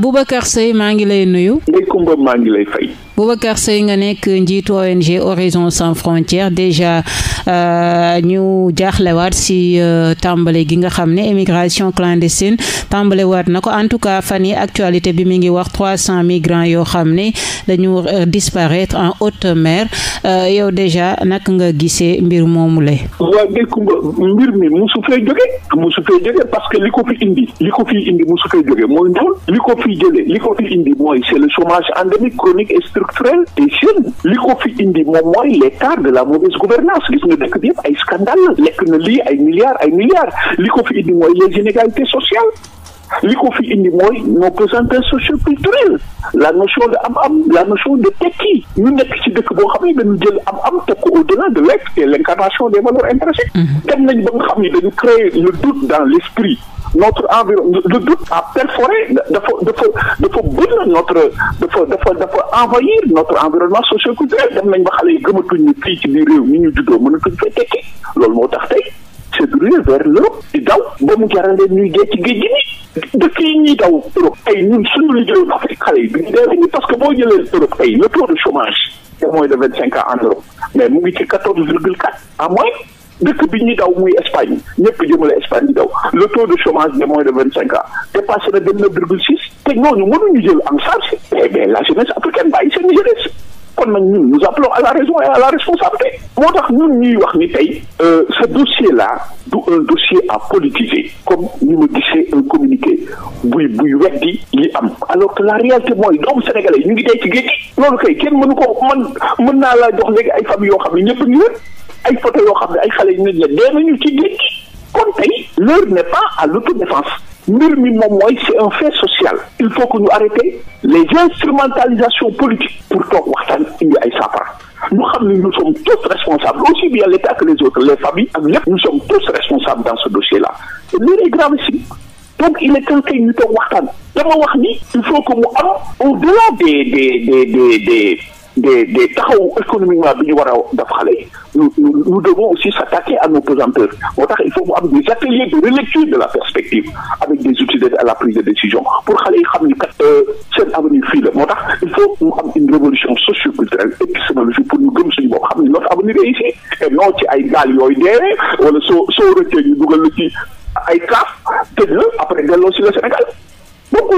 Boubacar Seye maa ngi lay nuyu. Ndeye Comba maa ngi lay fay. Boubacar Seye nga nekk njiitu ONG Horizon Sans Frontières déjà euh, ñu jaaxlewaat si euh, tàmbale gi nga xam ne émigration clandestine tàmbalewaat na ko en tout cas fan yi actualité bi mi ngi wax trois cent migrants yoo xam ne dañu euh, disparaître en haute mer Euh, yow déjà naka nga gisee mbir moomu la. waaw Ndeykumba mbir mi musu fee jóge musu fee jóge parce que li ko fi indi li ko fi indi musu fee jóge mooy ndóol li ko fi jëlee li ko fi indi mooy c'est le chômage endémique chronique et structurel des jeunes li ko fi indi moom mooy l'état de la mauvaise gouvernance gis nga dëkk bi yëpp ay scandale lekk na lii ay milliards ay milliards li ko fi indi mooy les inégalités sociales li ko fi indi mooy nos présentations socioculturelles la notion de am-am la notion de tekki ñu nekk ci dëkk boo xam ne dañu jël am-am teg ko au-delà de l'être et l'incarnation de valeurs intrinsèques. Mhm. dem nañ ba nga xam ne dañu créer le doute dans l'esprit notre environnement le doute a perforé dafa dafa dafa bënn notre dafa dafa dafa envahir notre environnement socioculturel dem nañ ba xale yi gëmatuñ ñu fii ci biir réew mi ñu juddoo mënatuñ fee tekki loolu moo tax tey c'est de leen ñuy dee ci dëkk yi ñuy daw Europe tey ñun suñu la jëloon Afrique xale parce que boo jëlee Europe tey le taux de chômage c'est moins de vingt cinq ans en Europe mais mu ngi ci quatorze virgule quatre en moins dëkk bi ñuy daw muy Espagne ñëpp jëmale Espagne di daw le taux de chômage de moins de vingt cinq ans dépassé na dem na virgule six te ñooñu mënuñu jël en charge eh la jeunesse africaine bàyyi seen jeunesse kon nag ñun nous appelons à la raison et à la responsabilité moo tax ñun ñuy wax ni tey euh, ce dossier la du un dossier à politiser comme ni gise gisee un communiqué buy buy weddi li am alors que la réalité mooy doomu sénégalais ñu ngi dee ci géej loolu kay kenn mënu ko man mën naa laa jox léegi ay famille yoo xam ne ñëpp ñu wër ay photo yoo xam ne ay xale yu nit de na ñu ci géej kon tey l'heure n'est pas à l'autodéfense mbir mi moom mooy c'est un fait social il faut que ñu arrêter les instrumentalisations politiques pour toog waxtaan indi ay saafara ñu xam ne nous sommes tous responsables aussi bien l'État que les autres les familles ak ñëpp nous sommes tous responsables dans ce dossier là et loolu est gravissime donc il est temps que ñu waxtaan dama wax ni il faut que mu am au delà des des des des des des des taxaw économiquement bi ñu war a def xale yi nous nous devons aussi s'attaquer à nos pesanteurs moo tax il faut mu des ateliers de relecture de la perspective avec des outils d'aide à la prise de décision pour xale yi xam ni kat euh, seen avenir fii la moo tax il faut mu am une révolution socioculturelle épistémologique pour ñu gëm suñu bopp xam ni notre avenir est ici et non ci ay gaal yooyu deewee wala soo soo rëccee ñu dugal la ci ay kaaf tëj la après delloo si le Sénégal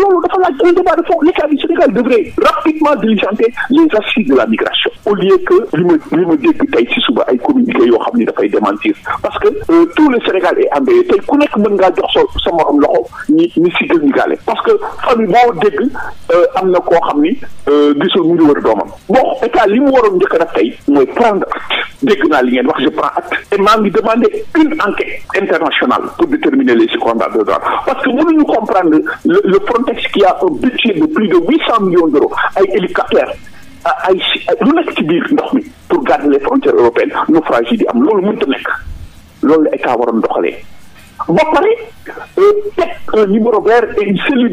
loolu dafa laaj un débat de fond l'état du Sénégal devrait rapidement diligenter les assises de la migration au lieu que li ma li ma dégg tey si suba ay communiqué yoo xam ni dafay démentir parce que euh, tout le Sénégal est embêté tey ku nekk mën ngaa jox sa sa morom loxo ñi ñi si gën ñu gaale parce que famille boo dégg euh, am na koo xam ni euh, gisul mu ngi wër doomam état li mu waroon njëkk a tey mooy prendre acte dégg naa li ngeen wax je prends acte te maa ngi demandé une enquête internationale pour déterminer les secondaires de droit parce que mënuñu comprendre le le Frontex qui a un budget de plus de huit cent millions d'euros ay hélicoptères ay lu nekk ci biir ndox mi pour garder les frontières européennes naufrage yi di am loolu mënta nekk loolu la état waroon doxalee ba pare euh, teg un numéro vert et une cellule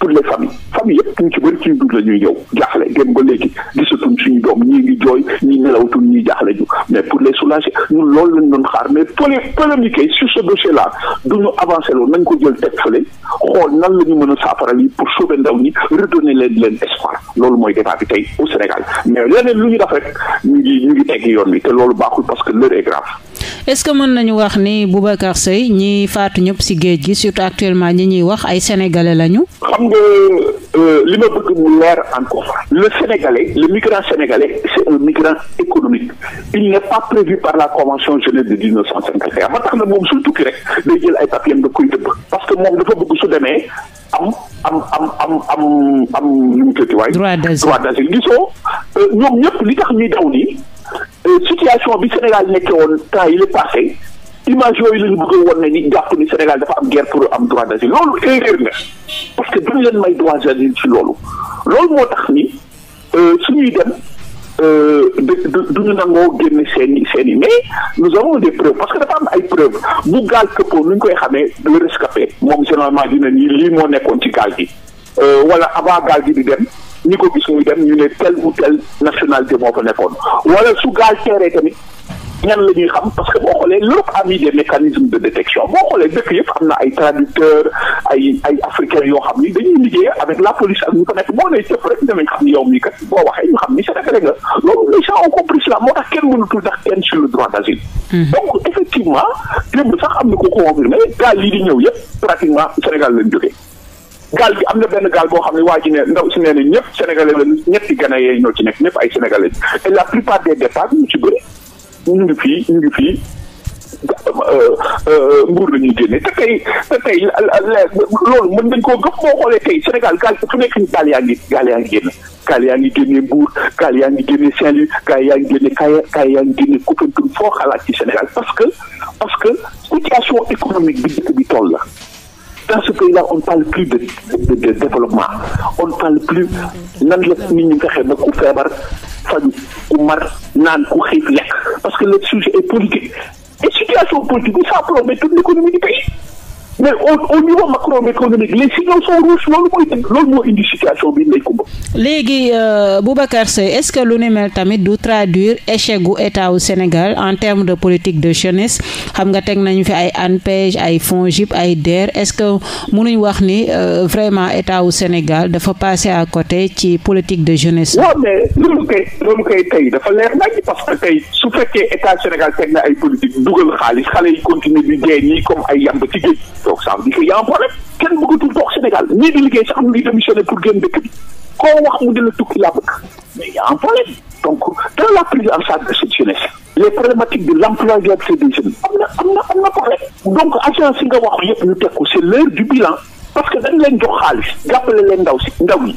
pour les familles famille yëpp ñu ci bëri ci dund la ñuy ñëw jaaxle dem ba léegi gisatuñ suñu doom ñii ngi jooy ñii nelawatuñ ñii jaaxle ñu mais pour les soulager ñun loolu lañ doon xaar mais polé polémique sur ce dossier là du ñu avancé nañ ko jël teg fële xool nan la ñu mën a saafara yi pour sauver ndaw ñi redonner leen leen espoir loolu mooy débat bi tey au Sénégal mais leneen lu ñu def rek ñu ngi ñu ngi tegg yoon wi te loolu baaxul parce que l est grave est-ce que mën nañu wax ni Boubacar Seye ñi faatu ñëpp ci géej gi surtout actuellement ñi ñuy wax ay sénégalais lañu. xam nga euh, li ma bëgg mu leer encore. le sénégalais le migrant sénégalais c'est un migrant économique il n'est pas prévu par la convention Genève de 1951 ba tax na moom suy tukki rek day jël ay papiers da koy dëbb parce que moom dafa bëgg su demee am am am am am am nu mu tëddi waaye. droit d'asile droit d'asile gisoo euh, ñoom situation bi Sénégal nekkee woon temps yi la yooyu lañu bëgg a won ne ni jàpp ni Sénégal dafa am guerre pour am droit d'asile loolu erreur na parce que duñ leen may droit d'asile ci loolu loolu moo tax ni euh, su ñuy dem euh, duñu nangoo génn seen i seen i mais nous avons des preuves parce que dafa am ay preuves bu gaal këppoo nu ñu koy xamee le rescapé moom généralement dina nii lii moo nekkoon ci gaal gi euh, wala avant gaal gi di dem ñi ko gis muy dem ñu ne tel ou tel nationalité moo fa nekkoon wala su gaal teeree tamit ñan la xam parce que boo xoolee l'Europe a mis des mécanismes de détection boo xoolee dëkk yëpp am na ay traducteurs ay ay africains yoo xam ni dañuy liggéey avec la police ak ñu ko nekk boo nee cëpp rek danañ xam ni yow mii kat moo tax kenn mënatul ndax kenn sur droit d'asile mm-hmm. donc effectivement démb sax am na ko confirmé gaal lii di ñëw yëpp pratiquement Sénégal lañ gaal bi am na benn gaal boo xam ne waa ji ne ndaw si nee na ñëpp sénégalais la ñetti gana yee ñoo ci nekk ñëpp ay sénégalais et la plupart des départs ñu ci bëri ñu ngi fii ñu ngi fii euh, euh, mbuur la ñuy génne te tey te tey loolu mën nañ koo gëm boo xoolee tey Sénégal gaal fu nekk ni gaal yaa ngi yaa ngi génne gaal yaa ngi génne Mbour gaal yaa ngi génne Saint-Louis gaal yaa ngi génne Kayar gaal yaa ngi génne Koupentoum foo xalaat ci Sénégal parce que parce que situation économique bi dëkk la dans ce pays là on parle plus de de, de développement on parle plus nan la nit ñi fexe ba ku feebar faju ku mar naan ku xiif lekk parce que le sujet est politique et situation politique ça promet toute l'économie du pays mais au au niveau macroéconomique les signaux sont euh, est-ce que lu ne mel tamit du traduire échec gu état wu Sénégal en terme de politique de jeunesse xam nga teg nañu fi ay ANPEJ ay FONGIP ay DER est-ce que mënuñ wax ni euh, vraiment état wu Sénégal dafa passer à côté ci politique de jeunesse. waaw mais loolu kay loolu kay tey dafa leer nañ parce que tey su fekkee état Sénégal teg na ay politique dugal xaalis xale yi continuer di dee nii comme toog ça veut dire que y' a un problème kenn bëggatul toog Sénégal ñii liggéey sax am ngi démissionné pour génn dëkk bi koo wax mu di la tukki laa bëgg mais y' a un problème donc dans la prise en de cette jeunesse les problématiques de l' emploi de la des jeunes am na am na am na problème donc agence yi nga wax yëpp ñu teg ko c' l' heure du bilan parce que dañ leen jox xaalis jàppale leen ndaw si ndaw yi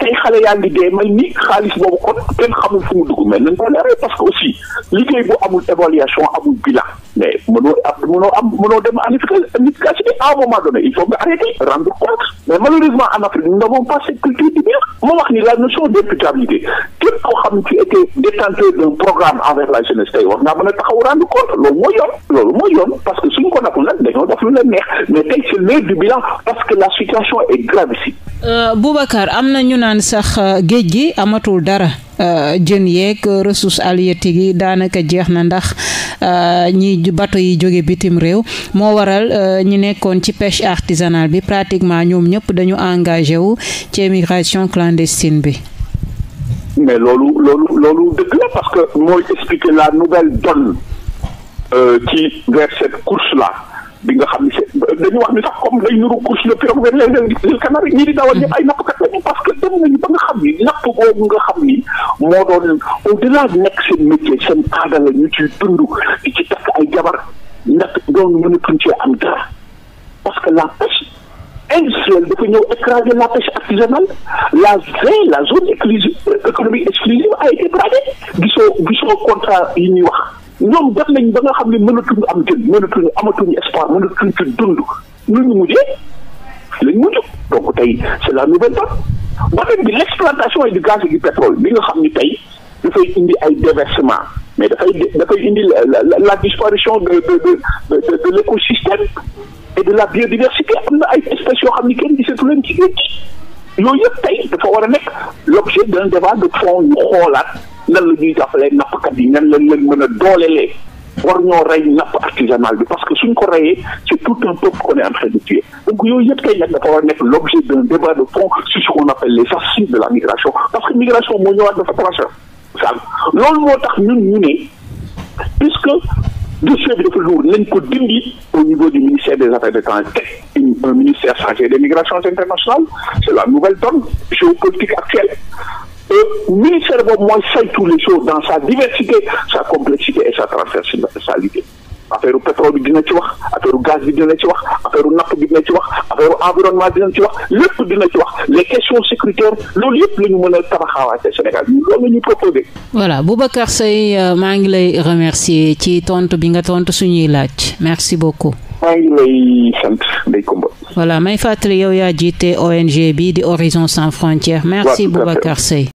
tey xale yaa ngi dee may ni xaalis boobu kon kenn xamul fu mu dugg mais nañ ko leeral parce que aussi liggéey bu amul évaluation amul bilan mais mënoo am mënoo am mënoo dem en efficacité à un moment il faut nga arrêter rendre compte mais malheureusement en Afrique nous n'avons pas culture du bilan moo wax ni la soo d'imputabilité képp koo xam ci était programme envers la jeunesse tey a taxaw rendre compte loolu mooy yoon loolu mooy yoon parce que suñu ko natul nag dañoo def lu leen neex mais tey c'est l'heure bilan parce que la situation est grave ici. Euh, am na ñu naan sax euh, géej gi amatul dara. Euh, jën yeeg ressources halieutiques yi daanaka jeex na ndax euh, ñi bato yi jóge bitim réew moo waral euh, ñi nekkoon ci pêche artisanale bi pratiquement ñoom ñëpp dañu engagé wu ci émigration clandestine bi. mais loolu loolu loolu dëgg la parce que mooy expliquer la nouvelle donne. ci vers cette course là. bi nga xam ne dañu wax ni sax comme day nuru course de pirogue vers les îles Canaries ñii di dawal ñëpp ay nga xam ni napp boobu nga xam ni moo doon au delà nekk seen métier seen aada la ñu ciy dund di ci takk ay jabar ndax doon mënatuñ cee am dara parce que la pêche industrielle dafa ñëw écraser la pêche artisanale la zone la zone économique exclusive a été dégradée gisoo gisoo contrat yi ñuy wax. ñoom def nañ ba nga xam ne mënatuñu am jën mënatuñu amatuñu espoir mënatuñu ci dund lu ñu mujjee lañ mujj donc tey c'est la nouvelle donne beneen bi l'exploitation du gaz et du pétrole bi nga xam ni tey dafay indi ay déversement mais dafay dafay indi la la disparition de de de de de l'écosystème et de la biodiversité am na ay espèces yoo xam ni kenn gisatu leen ci géej yooyu yëpp tey dafa war a nekk l'objet d'un débat de fond ñu xoolaat nan la ñuy jàppalee nappkat yi nan lañ leen mën a doolelee war ñoo rey napp artisanal bi parce que suñ ko reyee c'est tout un peuple qu'on est en de tuer donc yooyu yëpp kay nag dafa war nekk l'objet d'un de fond sur ce qu'on appelle les assises de la migration parce que migration moo ñëwaat dafa trancher sal loolu moo tax ñun ñu ne puisque dossier bi dafa lourd nañ ko dindi au niveau du ministère des affaires étrangères teg un ministère chargé des migrations internationales c'est la nouvelle donne géopolitique et ministère boobu mooy saytu les choses dans sa diversité sa complexité et sa transversalité affaire pétrole dina ci wax affaire gaz bi dina ci wax affaire napp bi dina ci wax affaire environnement dina ci wax lépp dina ci wax les questions sécuritaires loolu yëpp la mën a tabaxaawaatee Sénégal loolu la ñuy proposé. voilà Boubacar Seye euh, maa ngi lay remercier ci tontu bi nga tontu suñuy laaj merci beaucoup. maa ngi may fàttali yow yaa jiite ONG bi di Horizon Sans Frontières. merci